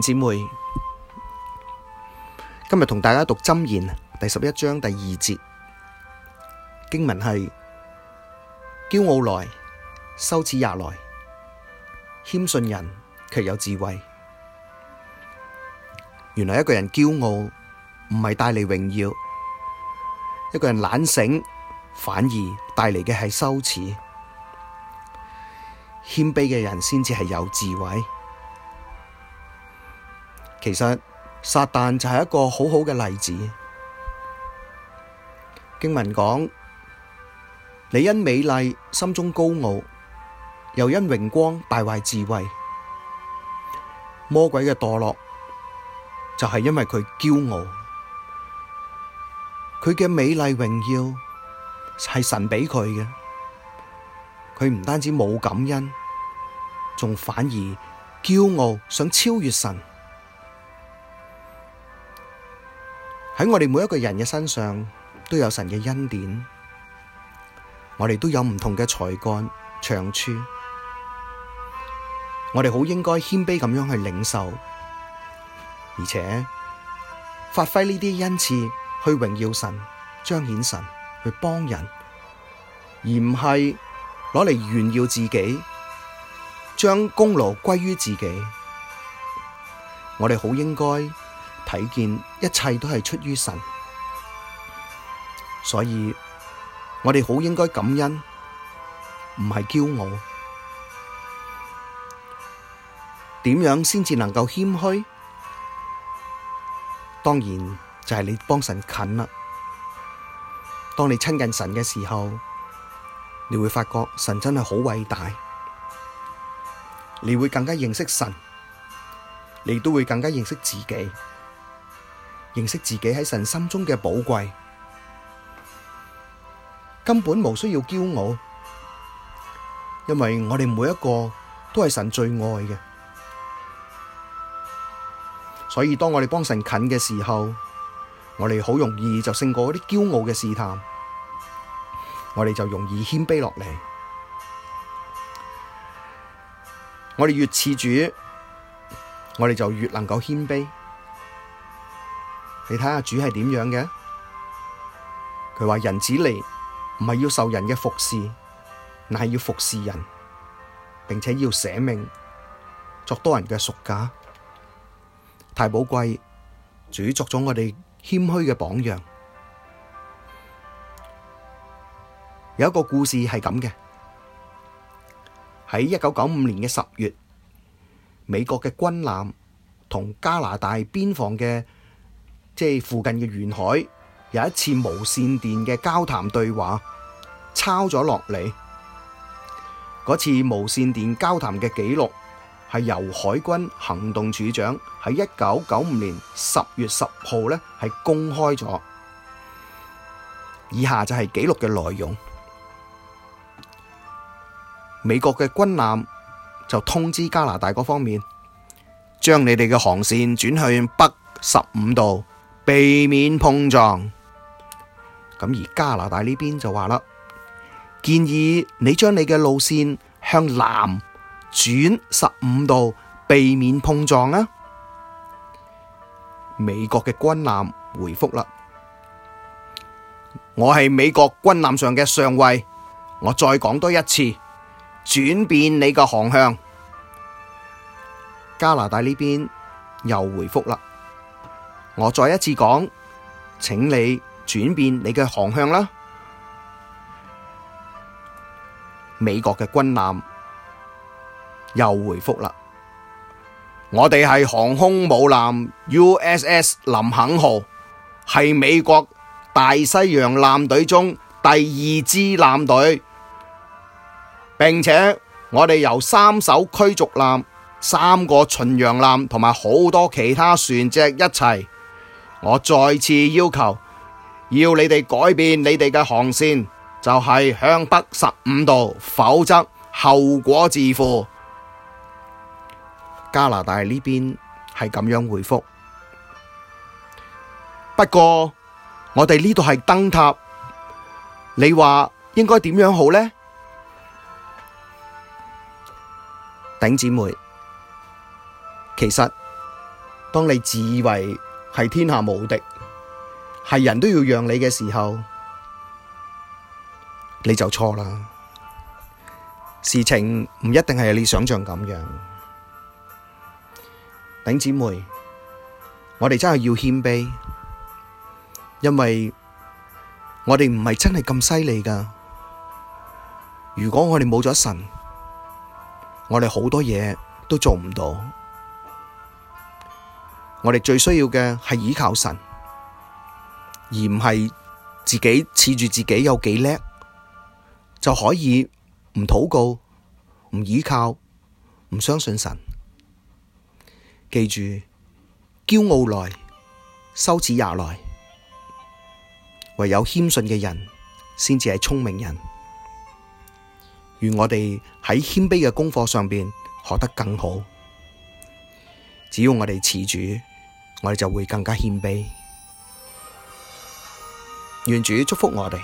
姐妹，今日同大家讀《箴言》第十一章第二節經文係：驕傲來，羞恥也來；謙遜人，卻有智慧。原來一個人驕傲唔係帶嚟榮耀，一個人懶醒反而帶嚟嘅係羞恥。謙卑嘅人先至係有智慧。其實撒旦就係一個好好嘅例子。經文講：你因美麗心中高傲，又因榮光敗壞智慧。魔鬼嘅墮落就係因為佢驕傲。佢嘅美麗榮耀係神畀佢嘅，佢唔單止冇感恩，仲反而驕傲想超越神。喺我哋每一個人嘅身上都有神嘅恩典，我哋都有唔同嘅才幹長處，我哋好應該謙卑咁樣去領受，而且發揮呢啲恩賜去榮耀神、彰顯神、去幫人，而唔係攞嚟炫耀自己，將功勞歸於自己，我哋好應該。睇見一切都係出於神，所以我哋好應該感恩，唔係驕傲。點樣先至能夠謙虛？當然就係你幫神近啦。當你親近神嘅時候，你會發覺神真係好偉大，你會更加認識神，你都會更加認識自己。認識自己喺神心中嘅寶貴，根本冇需要驕傲，因為我哋每一個都係神最愛嘅。所以當我哋幫神近嘅時候，我哋好容易就勝過嗰啲驕傲嘅試探，我哋就容易謙卑落嚟。我哋越似主，我哋就越能夠謙卑。你睇下主係點樣嘅？佢話人子嚟唔係要受人嘅服侍，乃係要服侍人，並且要捨命作多人嘅贖價，太寶貴。主作咗我哋謙虛嘅榜樣。有一個故事係咁嘅，喺一九九五年嘅十月，美國嘅軍艦同加拿大邊防嘅。即係附近嘅沿海，有一次無線電嘅交談對話抄，抄咗落嚟。嗰次無線電交談嘅記錄係由海軍行動處長喺一九九五年十月十號呢係公開咗。以下就係記錄嘅內容。美國嘅軍艦就通知加拿大嗰方面，將你哋嘅航綫轉向北十五度。避免碰撞。咁而加拿大呢邊就話啦，建議你將你嘅路線向南轉十五度，避免碰撞啊！美國嘅軍艦回覆啦，我係美國軍艦上嘅上尉，我再講多一次，轉變你嘅航向。加拿大呢邊又回覆啦。我再一次講，請你轉變你嘅航向啦。美國嘅軍艦又回覆啦，我哋係航空母艦 USS 林肯號，係美國大西洋艦隊中第二支艦隊，並且我哋由三艘驅逐艦、三個巡洋艦同埋好多其他船隻一齊。我再次要求，要你哋改變你哋嘅航線，就係向北十五度，否則後果自負。加拿大呢邊係咁樣回覆。不過我哋呢度係燈塔，你話應該點樣好呢？頂姐妹，其實當你自以為係天下無敵，係人都要讓你嘅時候，你就錯啦。事情唔一定係你想象咁樣，頂姊妹，我哋真係要謙卑，因為我哋唔係真係咁犀利噶。如果我哋冇咗神，我哋好多嘢都做唔到。我哋最需要嘅係依靠神，而唔係自己恃住自己有幾叻就可以唔禱告、唔依靠、唔相信神。記住，驕傲來，羞恥也來。唯有謙遜嘅人，先至係聰明人。願我哋喺謙卑嘅功課上邊學得更好。只要我哋恃住，我哋就會更加謙卑，願主祝福我哋。